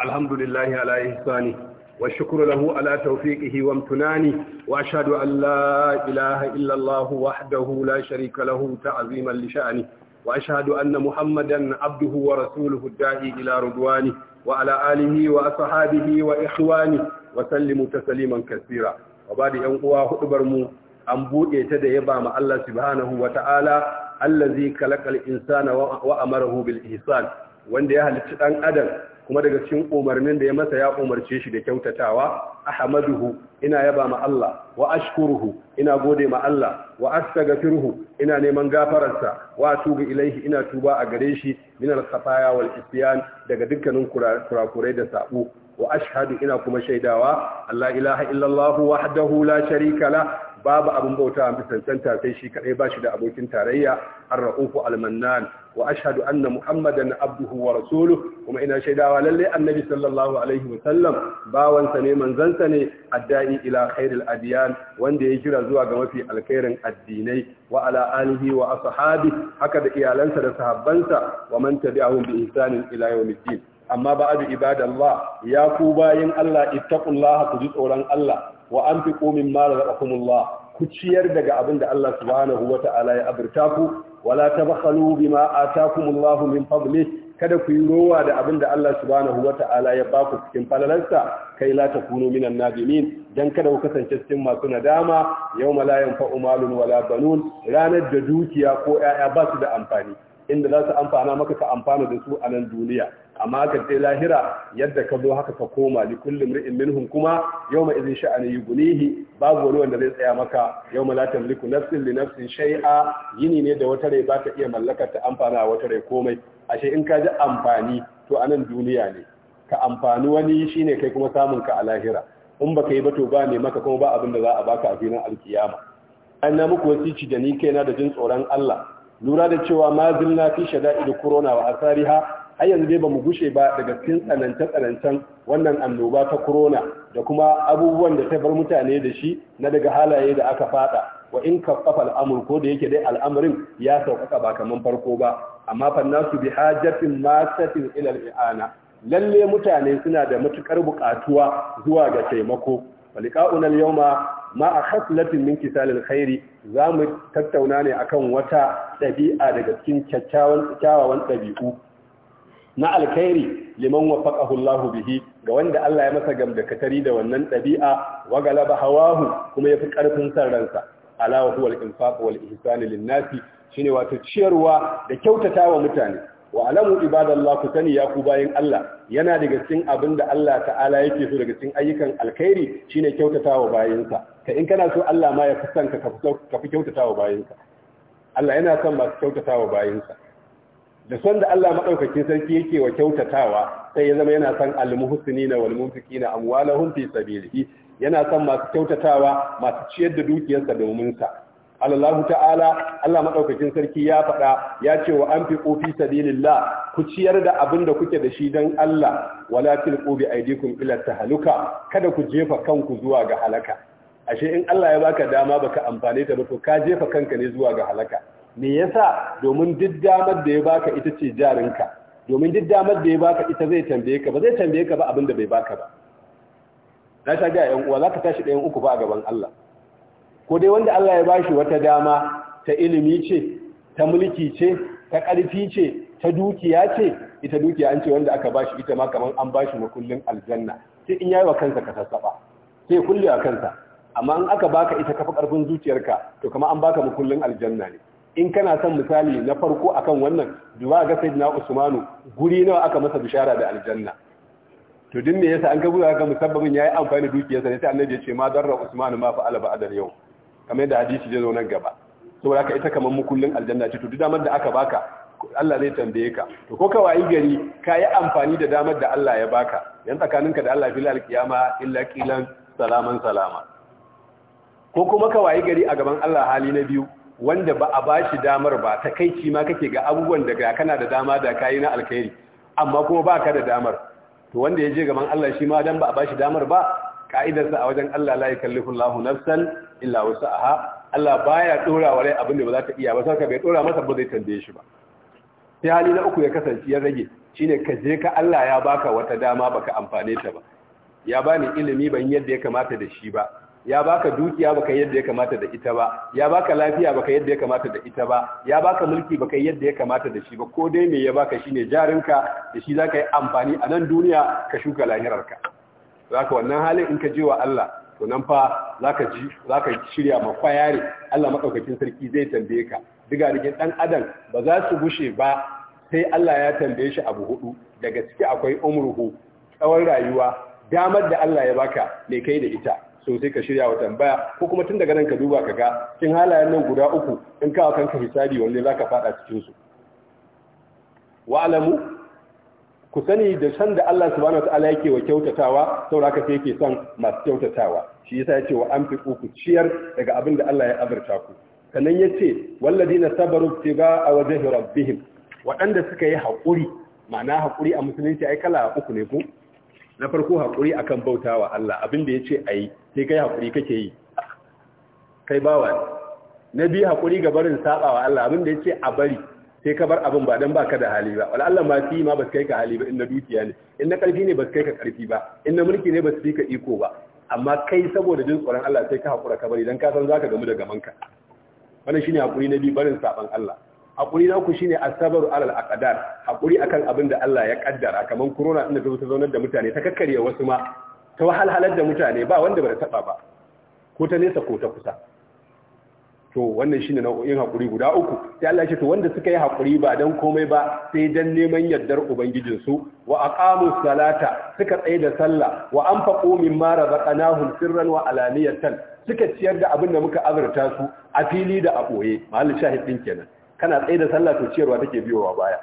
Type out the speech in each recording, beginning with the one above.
alhamdulillahi ala ihsani والشكر له على توفيقه وامتناني وأشهد أن لا إله إلا الله وحده لا شريك له تعظيما لشأنه وأشهد أن محمدا عبده ورسوله الداعي إلى رضوانه وعلى آله وأصحابه وإخوانه وسلموا تسليما كثيرا وبعد أن أواه أبرمو أن بوئي تديبا مع الله سبحانه وتعالى الذي خلق الإنسان وأمره بالإحسان وأن يهل أن أدم kuma daga cikin umarnin da ya masa ya umarce shi da kyautatawa ahmaduhu ina yaba ma Allah wa ashkuruhu ina gode ma Allah wa astaghfiruhu ina neman gafararsa wa tubu ilaihi ina tuba a gare shi min al-khataya wal isyan daga dukkanin kurakurai da sabu wa ashhadu ina kuma shaidawa Allah ilaha illallah wahdahu la sharika la babu abin bauta mai cancanta sai shi kadai ba shi da abokin tarayya an raufu almannan. wa ashadu anna muhammadan abduhu wa rasuluhu kuma ina shaidawa lalle annabi sallallahu alaihi wa sallam bawansa ne manzansa ne addai ila khairil adiyan. wanda ya kira zuwa ga mafi alkhairin addinai wa ala alihi wa ashabi haka da iyalansa da sahabbansa wa man tabi'ahum bi ihsanin ila yawmiddin amma ba'adu ibadallah ya ku bayin Allah ittaqullaha ku ji tsoron Allah wa anfiqu mimma razaqakumullah ku ciyar daga abin da Allah subhanahu ta'ala ya abirta ku wala tabkhalu bima atakumullahu min fadli kada ku yi rowa da abin da Allah subhanahu ta'ala ya baku cikin falalarsa. kai la kuno minan nadimin dan kada ku kasance cikin masu nadama yawma la yanfa'u malun wala banun ranar da dukiya ko yaya ba su da amfani inda za su amfana maka ka amfana da su a nan duniya amma ka ce lahira yadda ka zo haka ka koma li kulli mri'in minhum kuma yawma idhin sha'ani yughnihi babu wani wanda zai tsaya maka yawma la tamliku nafsin li nafsin shay'a yini ne da wata rai ba iya mallaka ta amfana wata rai komai ashe in ka ji amfani to anan duniya ne ka amfani wani shine kai kuma samun ka a lahira in baka yi ba to ba ne maka kuma ba abin da za a baka a filin alkiyama an na muku ci da ni kaina da jin tsoron Allah lura da cewa ma fi fi shada'id corona wa asariha har yanzu dai ba mu gushe ba daga cikin tsanance-tsanancen wannan annoba ta corona da kuma abubuwan da ta bar mutane da shi na daga halaye da aka fada wa in kafa al'amur ko da yake dai al'amarin ya sauƙaƙa ba kaman farko ba amma su bi hajatin masatin ilal i'ana lalle mutane suna da matukar buƙatuwa zuwa ga taimako walqa'una yauma ma a khaslatin min kisalil khairi zamu tattauna ne akan wata ɗabi'a daga cikin kyakkyawan kyawawan ɗabi'u. na alkhairi liman waffaqahu Allahu bihi ga wanda Allah ya masa gamdakatari da wannan dabi'a wa galaba hawahu kuma yafi karfin san ransa ala wa huwa al-infaq wal ihsan lin nasi shine wato ciyarwa da kyautatawa mutane wa alamu ibadallah ku ya ku bayin Allah yana daga cikin abin da Allah ta'ala yake so daga cikin ayyukan alkhairi shine kyautatawa bayinsa ka in kana so Allah ma ya fi ka fi kyautatawa bayinsa Allah yana son masu kyautatawa bayinsa da son da Allah madaukakin sarki yake wa kyautatawa sai ya zama yana san almuhsinina wal munfiqina amwalahum fi sabilihi yana san masu kyautatawa masu ciyar da dukiyarsa domin sa Allah ta'ala Allah maɗaukakin sarki ya faɗa ya ce wa anfiqu fi sabilillah ku ciyar da abin da kuke da shi dan Allah wala tilqu bi aydikum ila haluka kada ku jefa kanku zuwa ga halaka ashe in Allah ya baka dama baka amfane ta ba to ka jefa kanka ne zuwa ga halaka me yasa domin duk damar da ya baka ita ce jarinka domin duk damar da ya baka ita zai tambaye ka ba zai tambaye ka ba abin da bai baka ba na ta ga yan uwa za ka tashi ɗayan uku ba a gaban Allah ko dai wanda Allah ya bashi wata dama ta ilimi ce ta mulki ce ta ƙarfi ce ta dukiya ce ita dukiya an ce wanda aka bashi ita ma kamar an bashi kullun aljanna sai in yayi wa kansa ka sassaba sai kulle a kansa amma in aka baka ita kafa karfin zuciyarka to kamar an baka makullin aljanna ne in kana son misali na farko akan wannan duba ga sayyidina usmanu guri nawa aka masa bishara da aljanna to din me yasa an kabu ga musabbabin yayi amfani dukiyarsa ne sai annabi ya ce ma darra usmanu ma fa'ala adar yau kamar da hadisi zai zo nan gaba saboda ka ita kamar kullun aljanna ce to duk damar da aka baka Allah zai tambaye ka to ko ka wayi gari ka yi amfani da damar da Allah ya baka yan tsakaninka da Allah fil alqiyama illa qilan salaman salama ko kuma ka wayi gari a gaban Allah hali na biyu wanda ba a ba shi damar ba ta kai ci ma kake ga abubuwan da kana da dama da kayi na alkhairi amma kuma ba ka da damar to wanda ya je gaban Allah shi ma dan ba a ba shi damar ba ka'idarsa a wajen Allah la yukallifu Allahu nafsan illa wus'aha Allah baya dora wa rai abin da ba za ta iya ba saka bai dora masa ba zai tambaye shi ba sai hali na uku ya kasance ya rage shine ka je ka Allah ya baka wata dama baka amfane ta ba ya bani ilimi ban yadda ya kamata da shi ba ya baka dukiya baka yadda ya kamata da ita ba ya baka lafiya baka yadda ya kamata da ita ba ya baka mulki baka yadda ya kamata da shi ba ko dai me ya baka shine jarinka da shi zaka yi amfani a nan duniya ka shuka lahirarka zaka wannan halin in ka je wa Allah to nan fa zaka ji zaka shirya ma kwayare Allah madaukakin sarki zai tambaye ka diga digin dan adam ba za su gushe ba sai Allah ya tambaye shi abu hudu daga ciki akwai umruhu tsawon rayuwa damar da Allah ya baka me kai da ita so sai ka shirya wa tambaya ko kuma tun daga nan ka duba ka ga Kin halayen nan guda uku in kawo kanka hisabi wanne za ka faɗa cikin su alamu ku sani da san da Allah subhanahu wataala yake wa kyautatawa sauraka sai yake son masu kyautatawa shi yasa yace wa fi ku ciyar daga abin da Allah ya abarta ku sannan yace walladina sabaru a wajhi rabbihim waɗanda suka yi haƙuri ma'ana haƙuri a musulunci ai kala uku ne ko na farko haƙuri akan bautawa Allah abin da yace ayi sai kai hakuri kake yi kai bawa na biyu hakuri ga barin sabawa Allah abin da ya ce a bari sai ka bar abin ba dan baka da hali ba wal Allah ma fi ma ba kai ka hali ba inna dukiya ne inna karfi ne ba kai ka karfi ba inna mulki ne ba fi ka iko ba amma kai saboda jin tsoron Allah sai ka hakura ka bari dan ka san zaka gamu da gamanka wannan shine hakuri na biyu barin saban Allah hakuri na ku shine asabaru alal aqdar hakuri akan abin da Allah ya kaddara Kamar corona ta da ta zaunar da mutane ta kakkare wasu ma ta wahalhalar da mutane ba wanda bai taba ba ko ta nesa ko ta kusa to wannan shine nau'in hakuri guda uku sai Allah ya ce to wanda suka yi hakuri ba dan komai ba sai dan neman yardar ubangijin su wa aqamu salata suka tsaye da sallah wa anfaqu mimma razaqnahum sirran wa alaniyatan suka ciyar da abin da muka azurta su a fili da a boye mahallin shahidin ɗin kenan kana tsaye da sallah to ciyarwa take biyowa baya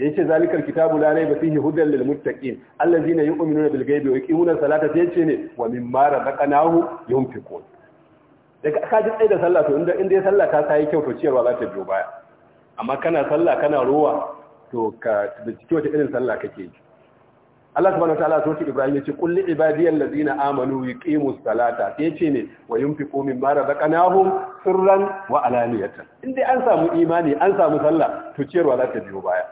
da yace zalikal kitabu la rayba fihi hudan lil muttaqin allazina yu'minuna bil ghaibi wa yuqimuna salata yace ne wa mimma razaqnahu yunfiqun daga ka ji tsaye da sallah to inda inda ya sallah ta sai kyau to ciyarwa za ta biyo baya amma kana sallah kana ruwa, to ka bincike wata irin sallah kake yi Allah subhanahu wataala so ce Ibrahim ya ce qul li ibadiyal ladina amanu yuqimus salata sai ya ne wa yunfiqu mimma razaqnahum sirran wa alaniyatan inda an samu imani an samu sallah to ciyarwa za ta biyo baya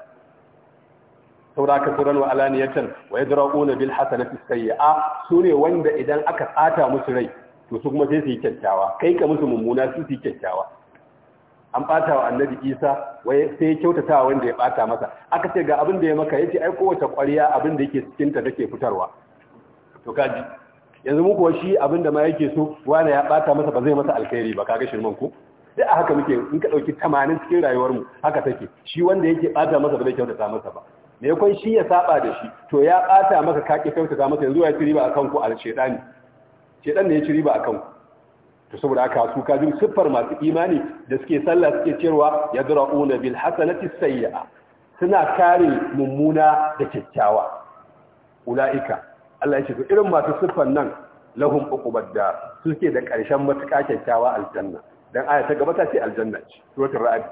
saura ka suran wa alaniyatan wa yadra'una bil hasanati sayyi'a sune wanda idan aka tsata musu rai to su kuma sai su yi kyakkyawa kai ka musu mummuna su su yi kyakkyawa an bata wa annabi isa waye sai kyautatawa wanda ya bata masa aka ce ga abin da ya maka yace ai kowace ƙwarya abin da yake cikin ta take fitarwa to kaji yanzu mu kuwa shi abin da ma yake so wani ya bata masa ba zai masa alkhairi ba kaga shirman ku sai a haka muke in ka dauki tamanin cikin rayuwar mu haka take shi wanda yake bata masa ba zai kyautata masa ba me yakon shi ya saba da shi to ya ɓata maka ka ki kyautata maka yanzu ya ci riba akan ku al shedani shedan ne ya ci riba akan to saboda haka su ka jin siffar masu imani da suke sallah suke cewa yadra'una bil hasanati sayyi'a suna kare mummuna da kyakkyawa ulaika Allah ya ce irin masu siffar nan lahum uqubad da suke da ƙarshen matuƙa kyakkyawa aljanna dan aya ta gaba ta ce aljanna ce suratul ra'd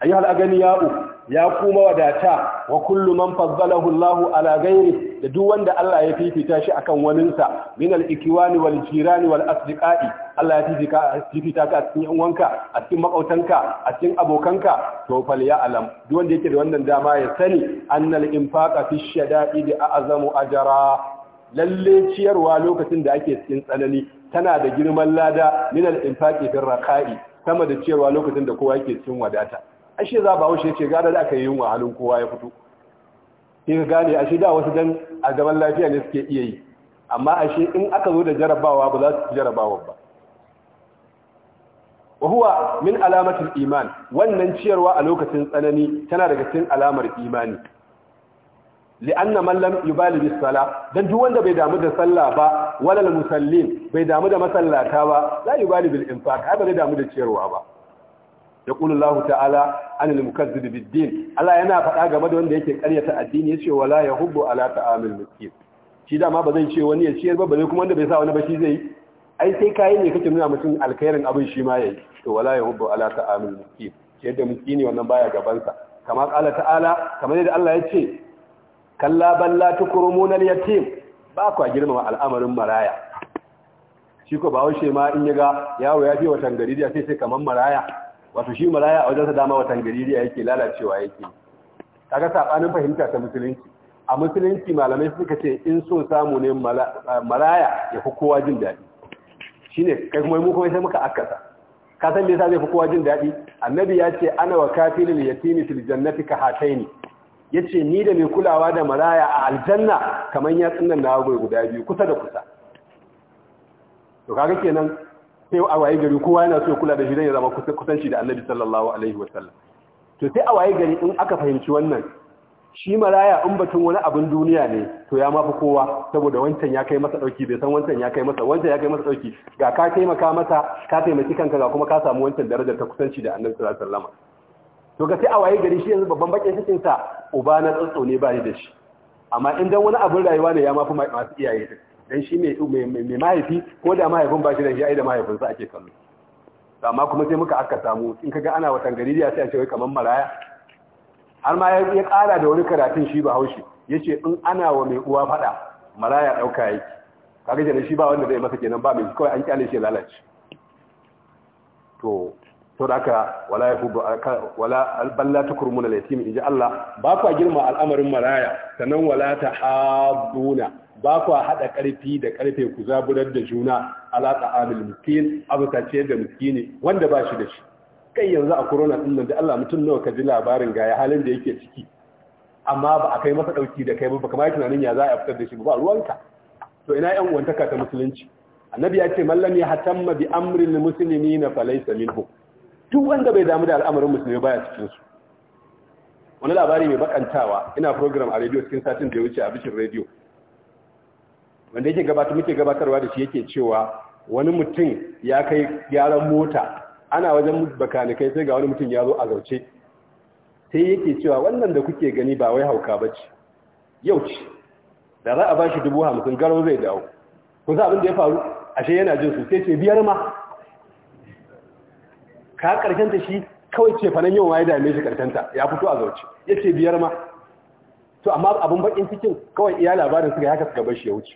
ayyuhal aganiya'u ya kuma wadata wa kullu man faddalahu Allahu ala ghairi da duk wanda Allah ya fifita shi akan waninsa min al-ikwani wal jirani wal asdiqai Allah ya fifita fifita ka cikin yan wanka a cikin makautanka a cikin abokanka to fal ya alam duk wanda yake da wannan dama ya sani annal infaqa fi shada'id a'zamu ajra lalle ciyarwa lokacin da ake cikin tsanani tana da girman lada min al-infaqi fi raqai sama da ciyarwa lokacin da kowa yake cikin wadata ashe za ba wuce ce gada da aka yi yunwa halin kowa ya fito ke gane ashe da wasu dan a zaman lafiya ne suke iya yi amma ashe in aka zo da jarabawa ba za su jarabawa ba wa min alamatul iman wannan ciyarwa a lokacin tsanani tana daga cikin alamar imani li'anna man lam yubali bis sala dan duk wanda bai damu da sallah ba walal musallin bai damu da masallata ba la yubali bil infaq haka bai damu da ciyarwa ba يقول ta'ala تعالى عن المكذب biddin. Allah yana faɗa game da wanda yake ƙaryata addini yace wala ya yahubbu ala ta'amil miskin shi da ma zan ce wani ya ciyar ba bare kuma wanda bai sa wani ba shi zai ai sai kayi ne kake nuna mutum alkhairin abin shi ma yayi to wala ya yahubbu ala ta'amil miskin Yadda da miskini wannan baya gaban sa kama Kala ta'ala kamar yadda Allah ya ce kalla balla tukrumuna al-yatim ba kwa girmama al'amarin maraya shi ko ba haushe ma in ya ga yawo ya fi watan gari da sai sai kamar maraya wato shi maraya a wajensa dama watan gaririya yake lalacewa yake kaga sabanin fahimta ta musulunci a musulunci malamai suka ce in so samu ne maraya ya fi kowa jin daɗi Shi ne kai kuma mu kuma sai muka akasa ka san me yasa zai fi kowa jin daɗi annabi ya ce ana wa kafilil yatimi fil jannati ka hataini yace ni da mai kulawa da maraya a aljanna Kamar ya tsinnan na goyi guda biyu kusa da kusa to kaga kenan sai a waye gari kowa yana so ya kula da shi dan ya zama kusanci da Annabi sallallahu alaihi wasallam to sai a waye gari in aka fahimci wannan shi maraya in batun wani abin duniya ne to ya mafi kowa saboda wancan ya kai masa dauki bai san wancan ya kai masa wancan ya kai masa dauki ga ka taimaka masa ka taimaki kanka ga kuma ka samu wancan darajar ta kusanci da Annabi sallallahu alaihi wasallam to ga sai a waye gari shi yanzu babban bakin cikin sa uba na tsatso ne ba ni da shi amma in dan wani abin rayuwa ne ya mafi masu iyaye din dan shi mai mai mahaifi ko da mahaifin ba shi da shi da da mahaifinsa ake kallo To amma kuma sai muka aka samu in kaga ana watan gari sai a ce wai kaman maraya har ma ya kara da wani karatun shi ba haushi yace in ana wa mai uwa fada maraya dauka yake kaga kenan shi ba wanda zai masa kenan ba mai kawai an kyale shi lalace to to da aka wala yafu wala balla tukrumuna al in inji Allah ba kwa girma al'amarin maraya sanan wala haduna ba kwa hada karfi da karfe ku zaburar da juna alaƙa amil miskin abukace da miskini wanda ba shi da shi kai yanzu a corona din nan da Allah mutum nawa ka ji labarin ga ya halin da yake ciki amma ba a kai masa dauki da kai ba ba kamar tunanin ya za a fitar da shi ba ruwanka to ina yan uwantaka ta musulunci annabi ya ce mallam ya hatamma bi amrin muslimina falaysa minhum duk wanda bai damu da al'amarin musulmi baya cikin su wani labari mai bakantawa ina program a radio cikin satin da ya wuce a bishin radio wanda yake gabata muke gabatarwa da shi yake cewa wani mutum ya kai gyaran mota ana wajen bakanikai sai ga wani mutum ya zo a zauce sai yake cewa wannan da kuke gani ba wai hauka ba ce yau ce da za a ba shi dubu hamsin garo zai dawo ku za abin da ya faru ashe yana jin su sai ce biyar ma ka karkanta shi kawai ce fa nan yau ma ya dame shi karkanta ya fito a zauce yace biyar ma to amma abun bakin cikin kawai iya labarin suka haka suka bar shi ya wuce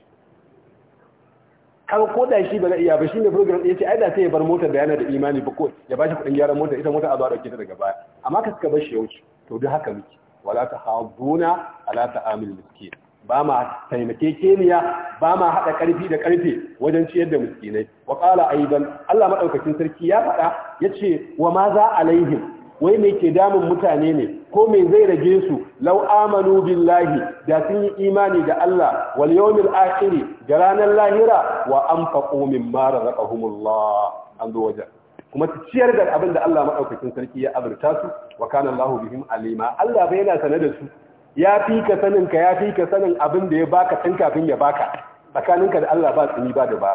kan koda shi ba na iya ba shine program yace ai da sai ya bar motar da yana da imani ba ko ya bashi kudin gyaran motar ita motar a zuwa dauke ta daga baya amma ka suka bar shi ya wuce to duk haka muke wala ta hauduna ala amil miskin ba ma keniya. ba ma haɗa ƙarfi da ƙarfe wajen ciyar da muskinai wa ƙala aidan Allah maɗaukacin sarki ya faɗa ya ce wa ma za alaihim wai mai ke damun mutane ne ko mai zai rage su lau amanu billahi da sun yi imani da Allah wal yawmil akhir da ranar lahira wa anfaqu mimma razaqahumullah an zo wajen kuma ciyar da abin da Allah maɗaukacin sarki ya azurta su wa kana Allahu bihim alima Allah bai yana sane da su ya fi ka sanin ka ya fi ka sanin abin da ya baka tun kafin ya baka tsakaninka da Allah ba tsini ba da ba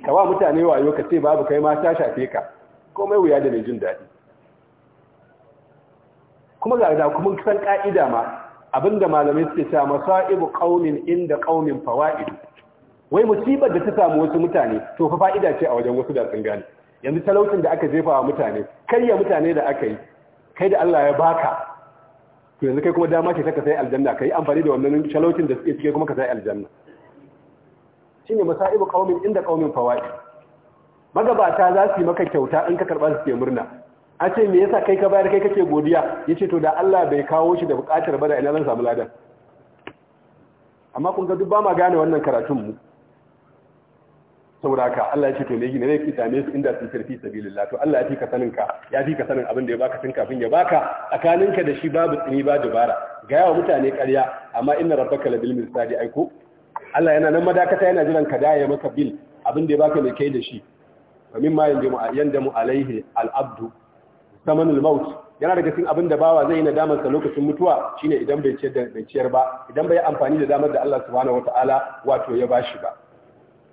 ka ba mutane wayo ka ce babu kai ma ta shafe ka komai wuya da mai jin daɗi kuma ga da kuma san ka'ida ma abinda malamai suke cewa masaibu qaumin inda qaumin fawaid wai musibar da ta samu wasu mutane to fa fa'ida ce a wajen wasu da sun gane yanzu talaucin da aka jefa wa mutane karya mutane da aka yi kai da Allah ya baka to yanzu kai kuma dama ce ka sai aljanna kai amfani da wannan shalaucin da suke cike kuma ka sai aljanna ne masaibu qaumin inda qaumin fawaid magabata za su yi maka kyauta in ka karba su ke murna a ce me yasa kai ka bayar kai kake godiya Ya ce to da Allah bai kawo shi da bukatar ba da ina zan samu ladan amma kun ga duk ba ma gane wannan karatun mu saboda ka Allah ya ce to me gina ne ki dame su inda sun sarfi sabilillah to Allah ya fi ka sanin ka ya fi ka sanin abin da ya baka tun kafin ya baka ka da shi babu tsini ba dubara ga yawa mutane ƙarya amma inna rabbaka labil mirsadi aiko Allah yana nan madakata yana jiran ka daya maka bil abin da ya baka mai kai da shi wa mimma yandamu yandamu alaihi al-abdu samanul maut yana daga cikin abin da bawa zai yi nadamar sa lokacin mutuwa shine idan bai ciyar ba idan bai amfani da damar da Allah subhanahu wataala wato ya bashi ba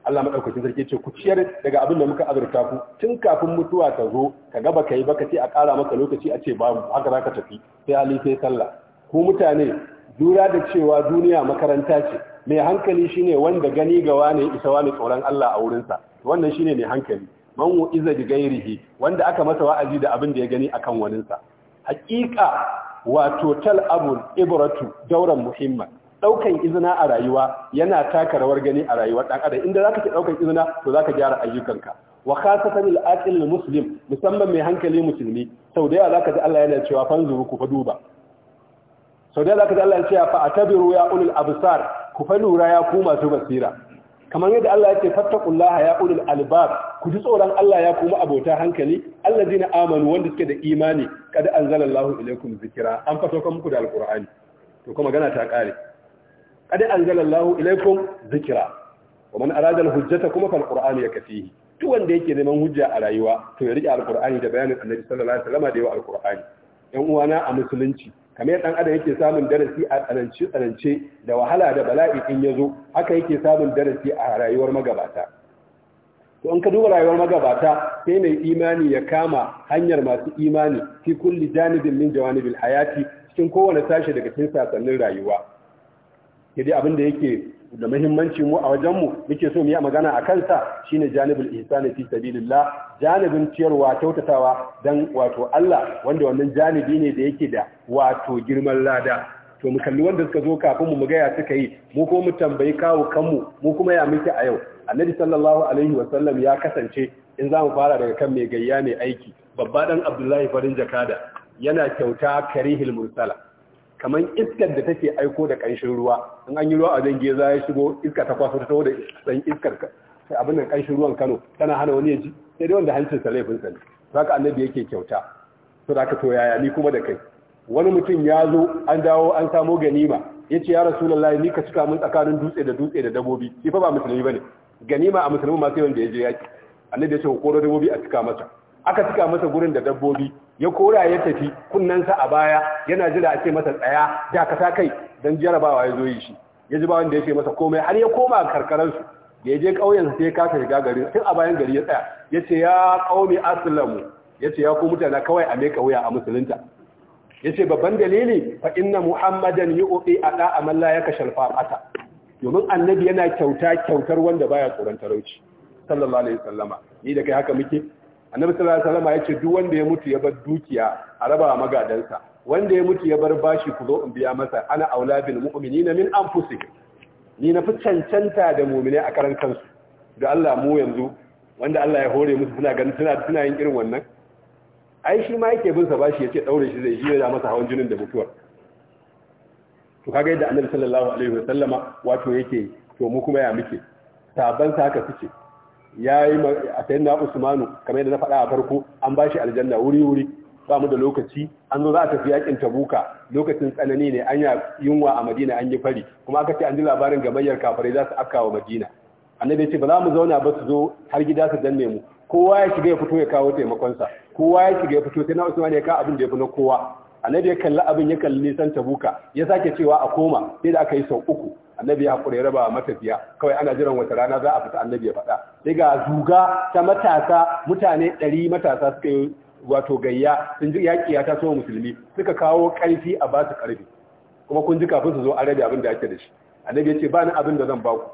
Allah maɗaukacin sarki ce ku ciyar daga abin da muka azurta ku tun kafin mutuwa ta zo ka ga ka yi ba ka ce a ƙara maka lokaci a ce babu haka zaka tafi sai Ali sai sallah ku mutane dura da cewa duniya makaranta ce mai hankali shine wanda gani ga wani isa wani tsoron Allah a wurinsa wannan shine mai hankali man iza bi gairihi wanda aka masa wa'azi da abin da ya gani akan waninsa haƙiƙa wato tal abul ibratu dauran muhimman daukan izina a rayuwa yana taka rawar gani a rayuwar dan adam inda zaka ki daukan izina to zaka gyara ayyukanka wa khasatan al-aqil muslim musamman mai hankali musulmi sau da yawa zaka ji Allah yana cewa fanzuru ku fa duba sau da yawa zaka ji Allah yana cewa fa atabiru ya ulul absar ku fa lura ya ku masu basira kamar yadda Allah yake fattaqullaha ya ulul albab ku ji tsoron Allah ya kuma abota hankali allazina amanu wanda suke da imani kad anzalallahu ilaykum zikira. an fato kan muku da alqur'ani to kuma magana ta kare qad anzalallahu ilaykum dhikra wa man arada al-hujjata kuma fal qur'anu to wanda yake neman hujja a rayuwa to ya rike alqur'ani da bayanin annabi sallallahu alaihi wasallam da yawa alqur'ani yan uwana a musulunci kamar dan adam yake samun darasi a tsanance tsanance da wahala da bala'i in yazo haka yake samun darasi a rayuwar magabata to an ka duba rayuwar magabata sai mai imani ya kama hanyar masu imani fi kulli janibin min jawanibil hayati cikin kowane sashi daga cikin sasannin rayuwa ke dai abin da yake da muhimmanci mu a wajenmu muke so mu yi magana a kansa shine janibul ihsani fi sabilillah janibin ciyarwa kyautatawa dan wato Allah wanda wannan janibi ne da yake da wato girman lada to mu kalli wanda suka zo kafin mu gaya suka yi mu ko mu tambayi kawo kanmu mu kuma ya miki a yau annabi sallallahu alaihi wasallam ya kasance in za mu fara daga kan mai gayya mai aiki babba dan abdullahi farin jakada yana kyauta karihil mursala kamar iskar da take aiko da ƙanshin ruwa in an yi ruwa a zange za ya shigo iska ta kwaso ta taho da san iskar abin nan ƙanshin ruwan Kano tana hana wani ya ji sai dai wanda hancin sa laifin sa ne zaka annabi yake kyauta to zaka to yaya ni kuma da kai wani mutum ya zo an dawo an samo ganima yace ya rasulullahi ni ka cika mun tsakanin dutse da dutse da dabobi shi fa ba musulmi bane ganima a musulmi ma sai wanda ya je yaki annabi ya ce ko dabobi a cika masa aka cika masa gurin da dabbobi ya kora ya tafi kunnansa a baya yana jira a ce masa tsaya da kasa kai don jarabawa ya zo yi shi ya ji ba wanda ya ce masa komai har ya koma karkararsu da ya je ƙauyen sai ya kasa shiga gari tun a bayan gari ya tsaya ya ce ya ƙaumi asalamu ya ce ya kuma mutane kawai a mai wuya a musulunta ya ce babban dalili fa inna muhammadan yi oɓe a ɗa a ya kashe alfaɓata domin annabi yana kyauta kyautar wanda baya tsoron talauci sallallahu alaihi sallama ni da kai haka muke annabi sallallahu alaihi wasallam ce duk wanda ya mutu ya bar dukiya a raba magadansa wanda ya mutu ya bar bashi ku zo in biya masa ana aula mu'minin min anfusihim ni na fi cancanta da mu'mini a karan kansu da Allah mu yanzu wanda Allah ya hore musu suna ganin suna suna yin irin wannan ai shi ma yake bin sa bashi yace daure shi zai jiya masa hawan jinin da mutuwar to kaga yadda annabi sallallahu alaihi wasallama wato yake to mu kuma ya muke saban sa haka suke ya yi a sayan na usmanu kamar yadda na faɗa a farko an ba shi aljanna wuri-wuri ba mu da lokaci an zo za a tafi yakin tabuka lokacin tsanani ne an ya yunwa a madina an yi fari kuma aka ce an ji labarin gamayyar kafirai za su afka wa madina annabi ya ce ba za mu zauna ba su zo har gida su danne mu kowa ya shiga ya fito ya kawo taimakonsa kowa ya shiga ya fito sai na Usmanu ya ka abin da ya fi na kowa annabi ya kalli abin ya kalli nisan tabuka ya sake cewa a koma sai da aka yi sau uku annabi ya hakura raba matafiya kawai ana jiran wata rana za a fita annabi ya faɗa sai ga zuga ta matasa mutane ɗari matasa suka yi wato gayya sun ji yaƙi ya taso musulmi suka kawo ƙarfi a ba su ƙarfi kuma kun ji kafin su zo arabi abin da ake da shi annabi ya ce ba ni abin da zan baku, ku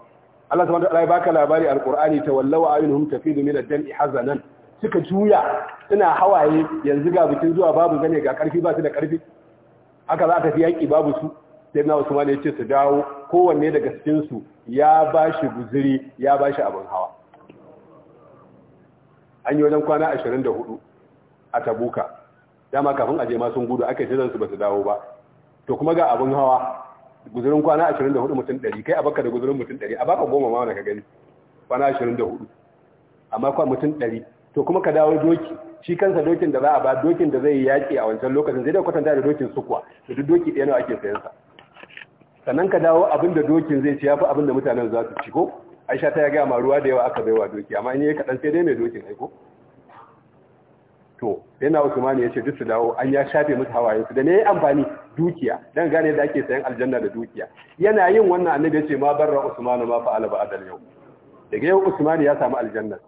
Allah subhanahu wa ta'ala ya baka labari alqur'ani tawallaw ayunhum tafidu min ad-dam'i hazanan suka juya suna hawaye yanzu ga bikin zuwa babu gane ga karfi ba su da karfi haka za a tafi yaki babu su sai na usman ya ce su dawo kowanne daga cikinsu ya ba shi guziri ya ba shi abin hawa an yi wajen kwana 24 a tabuka dama kafin aje ma sun gudu aka yi su ba su dawo ba to kuma ga abin hawa guzirin kwana 24 mutum 100 kai a baka da guzirin mutum 100 a baka goma ma wani ka gani kwana 24 amma kwa mutum 100 to kuma ka dawo doki shi kansa dokin da za a ba dokin da zai yi yaƙi a wancan lokacin zai da kwatanta da dokin sukuwa da duk doki ɗaya nawa ake sayansa sannan ka dawo abin da dokin zai ci ya fi abin da mutanen za su ci ko aisha ta ya gaya ma ruwa da yawa aka baiwa doki amma in yi kaɗan sai dai mai dokin aiko to yana Usman ya ce duk su dawo an ya shafe musu hawayensu da ne amfani dukiya dan gane da ake sayan aljanna da dukiya yana yin wannan annabi ya ce ma barra Usman ma alaba adal yau daga yau Usman ya samu aljanna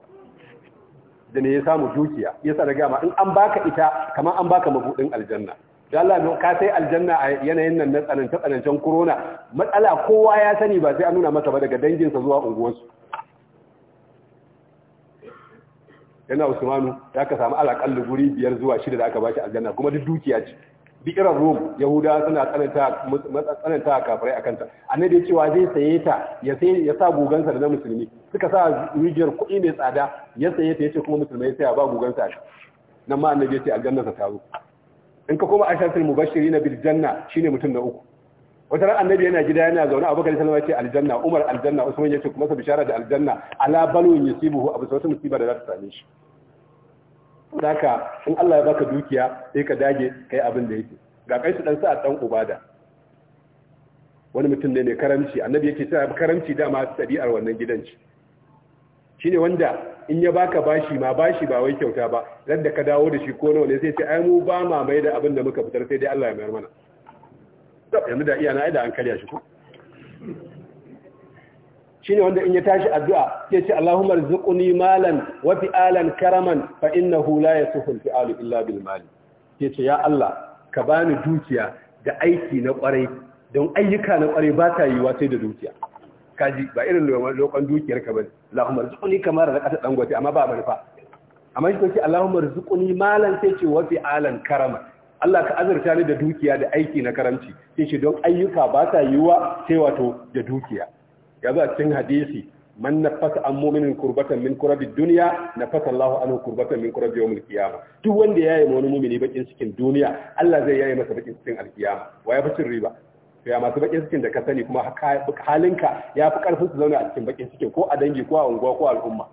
da ne ya samu dukiya yasa daga ma in an baka ita kamar an baka mabudin aljanna da Allah mun ka sai aljanna a yanayin nan na tsananta tsanancen corona matsala kowa ya sani ba sai an nuna masa ba daga danginsa zuwa unguwarsu yana usmanu ya ka samu alaƙalli guri biyar zuwa shida da aka bashi aljanna kuma duk dukiya ce duk irin yahuda suna tsananta a kafirai a kanta annabi ya cewa zai saye ta ya sa gugansa da na musulmi suka sa rijiyar kuɗi mai tsada ya saye ta ya ce kuma musulmai sai ya ba gugansa nan ma annabi ya ce sa ta zo in ka koma ashatul mubashirin bil janna shine mutum na uku wata ran annabi yana gida yana zaune abubakar sallama ce aljanna umar aljanna usman yace kuma sa bishara da aljanna ala balun yusibuhu abu sautin musiba da za ta same shi saka in Allah ya baka dukiya sai ka dage kai abin da yake ga kai su dan sa dan ubada wani mutum ne mai karamci annabi yake cewa karamci dama tabi'ar wannan gidan ce shine wanda in ya baka bashi ma bashi ba wai kyauta ba ran da ka dawo da shi ko nawa ne sai ce ai mu ba ma mai da abin da muka fitar sai dai Allah ya mayar mana to yanzu da iyana ai da an karya shi ko shine wanda in ya tashi addu'a sai ce Allahumma rzuqni malan wa fi'alan karaman fa innahu la yasuhu fi'alu illa bil mal sai ce ya Allah ka bani dukiya da aiki na kwarai don ayyuka na kwarai ba ta yiwa sai da dukiya kaji ba irin lokon dukiyar ka bane Allahumma rizquni kama razaqata dangote amma ba manufa amma shi kace Allahumma rizquni malan sai ce wa fi alan karama Allah ka azurta ni da dukiya da aiki na karamci sai ce don ayyuka ba ta yiwa sai wato da dukiya ya za cikin hadisi man nafasa an mu'minin kurbatan min duniya, dunya nafasa Allahu anhu kurbatan min kurabi yawmil qiyamah duk wanda yayi ma wani mu'mini bakin cikin duniya Allah zai yayi masa bakin cikin alkiyama wa ya fi riba to ya masu bakin cikin da ka sani kuma halinka ya fi karfin su zauna a cikin bakin cikin ko a dangi ko a unguwa ko al'umma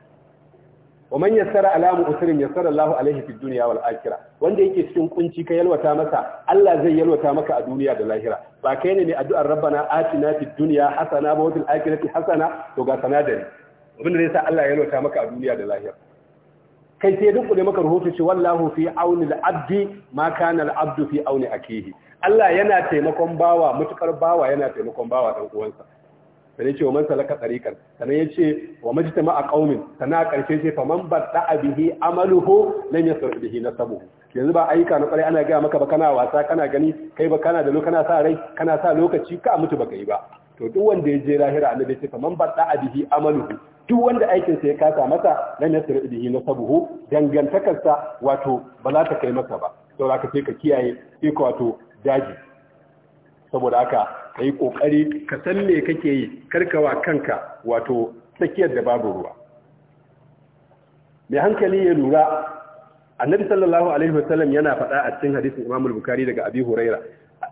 wa man yassara alamu usrin yassara Allah alaihi fi dunya wal akhirah wanda yake cikin kunci ka yalwata masa Allah zai yalwata maka a duniya da lahira ba kai ne ne addu'ar rabbana atina fid dunya hasana wa fil akhirati hasana to ga sanadari abinda zai sa Allah yalwata maka a duniya da lahira kai sai duk ne maka rahoto ce wallahu fi auni al-abdi ma kana al-abdu fi auni akihi Allah yana taimakon bawa mutukar bawa yana taimakon bawa ɗan uwansa sai yace wa man salaka tariqan sanan yace wa majtama a qaumin sana karshe ce faman badda bihi amaluhu lam yasr bihi nasabu yanzu ba ayyuka na kware ana gaya maka ba kana wasa kana gani kai ba kana da lokaci kana sa rai kana sa lokaci ka mutu baka yi ba to duk wanda ya je lahira annabi ce faman badda bihi amaluhu duk wanda aikin sa ya kasa masa lam yasr bihi nasabu dangantakarsa wato ba za ta kai masa ba saboda ka sai ka kiyaye sai wato daji saboda haka ka yi ƙoƙari ka san me kake yi karkawa kanka wato tsakiyar da babu ruwa mai hankali ya lura annabi sallallahu alaihi wasallam yana faɗa a cikin hadisin imamul bukari daga abi huraira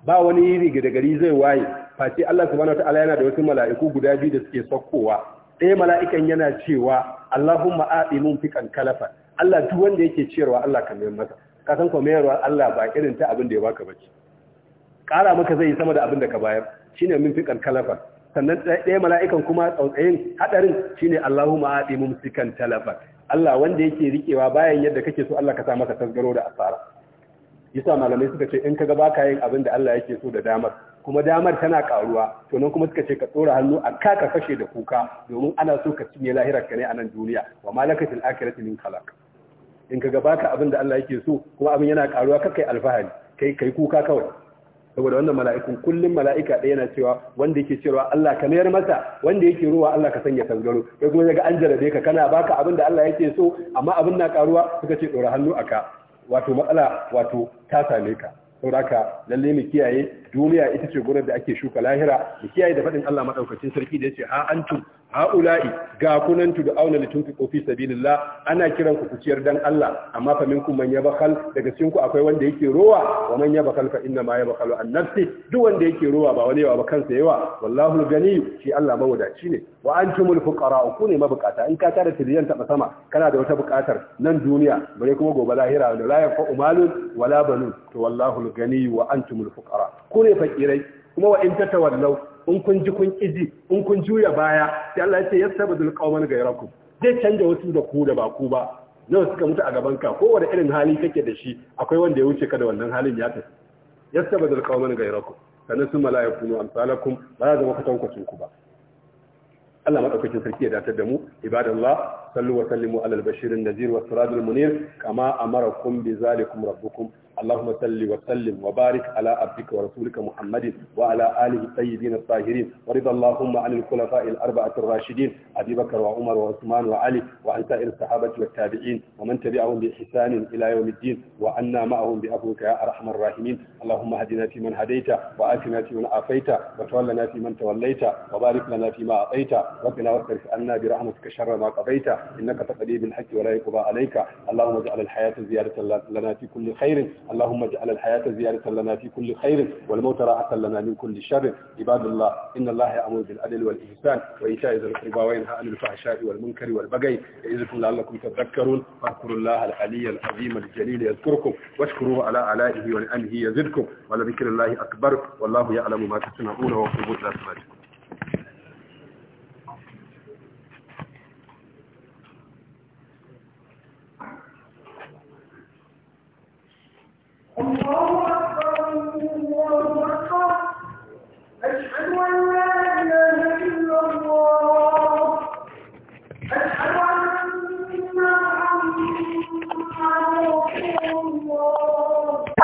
ba wani riga da gari zai waye Fati Allah subhanahu wataala yana da wasu mala'iku guda biyu da suke sakkowa ɗaya mala'ikan yana cewa Allahumma aɗi mun kan kalafa Allah duk wanda yake ciyarwa Allah ka mai masa ka san ko mayarwa Allah ba irin ta abin da ya baka bace ƙara maka zai yi sama da abin da ka bayar shine min fiqan kalafa sannan ɗaya mala'ikan kuma tsautsayin hadarin shine Allahumma aati mumsikan talafa Allah wanda yake rikewa bayan yadda kake so Allah ka sa maka tasgaro da asara yasa malamai suka ce in kaga baka yin abin da Allah yake so da damar kuma damar tana karuwa to nan kuma suka ce ka tsora hannu a kaka kashe da kuka domin ana so ka cinye lahirar ka ne a nan duniya wa malakatil akhirati min khalaq in kaga baka abin da Allah yake so kuma abin yana karuwa kakai alfahari kai kai kuka kawai saboda wannan mala'ikun kullum mala'ika ɗaya yana cewa wanda yake cewa Allah ka mayar masa wanda yake ruwa Allah ka sanya tangaro kai kuma daga an jarabe ka kana baka abin da Allah yake so amma abin na karuwa suka ce ɗora hannu aka wato matsala wato ta same ka sauraka lalle mu kiyaye duniya ita ce gurin da ake shuka lahira mu kiyaye da faɗin Allah madaukakin sarki da yace ha antum haula'i ga kunan tu da auna fi kofi sabilillah ana kiran ku kuciyar dan Allah amma fa minkum man bakal. daga cikin ku akwai wanda yake rowa wa man bakal fa inna ma yabkhalu an nafsi duk wanda yake rowa ba wani yawa ba kansa yawa wallahu gani shi Allah wadaci ne wa antumul fuqara ku ne mabukata in ka tara tiliyan taba sama kana da wata bukatar nan duniya bare kuma gobe lahira da la yafa umalun wala banun to wallahu gani wa antumul fuqara ku ne fakirai kuma wa in wallau in kun ji kun kiji in kun juya baya sai Allah ya ce yasabdul qauman ghayrakum zai canja wasu da ku da ba ku ba nawa suka mutu a gaban ka ko kowane irin hali kake da shi akwai wanda ya wuce ka da wannan halin ya tafi yasabdul qauman ghayrakum sannan sun mala'iku nu amsalakum ba za zama kwatankwacin ku ba Allah madaukakin sarki ya datar da mu ibadallah sallu wa sallimu alal bashirin nazir wa siradul munir kama amarakum bi zalikum rabbukum اللهم صل وسلم وبارك على عبدك ورسولك محمد وعلى آله الطيبين الطاهرين ورضى اللهم عن الخلفاء الأربعة الراشدين أبي بكر وعمر وعثمان وعلي وعن سائر الصحابة والتابعين ومن تبعهم بإحسان إلى يوم الدين وعنا معهم بأفوك يا أرحم الراحمين اللهم هدنا فيمن هديت وآتنا فيمن عافيت وتولنا فيمن توليت وبارك لنا فيما أعطيت ربنا واصرف عنا برحمتك شر ما قضيت إنك تقضي بالحق ولا يقضى عليك اللهم اجعل الحياة زيادة لنا في كل خير اللهم اجعل الحياة زيارة لنا في كل خير والموت راحة لنا من كل شر عباد الله إن الله يأمر بالعدل والإحسان وإيتاء ذي القربى وينهى عن الفحشاء والمنكر والبغي يعظكم لعلكم تذكرون فاذكروا الله العلي العظيم الجليل يذكركم واشكروه على آلائه ونعمه يزدكم ولذكر الله أكبر والله يعلم ما تصنعون لا ذات Thank you.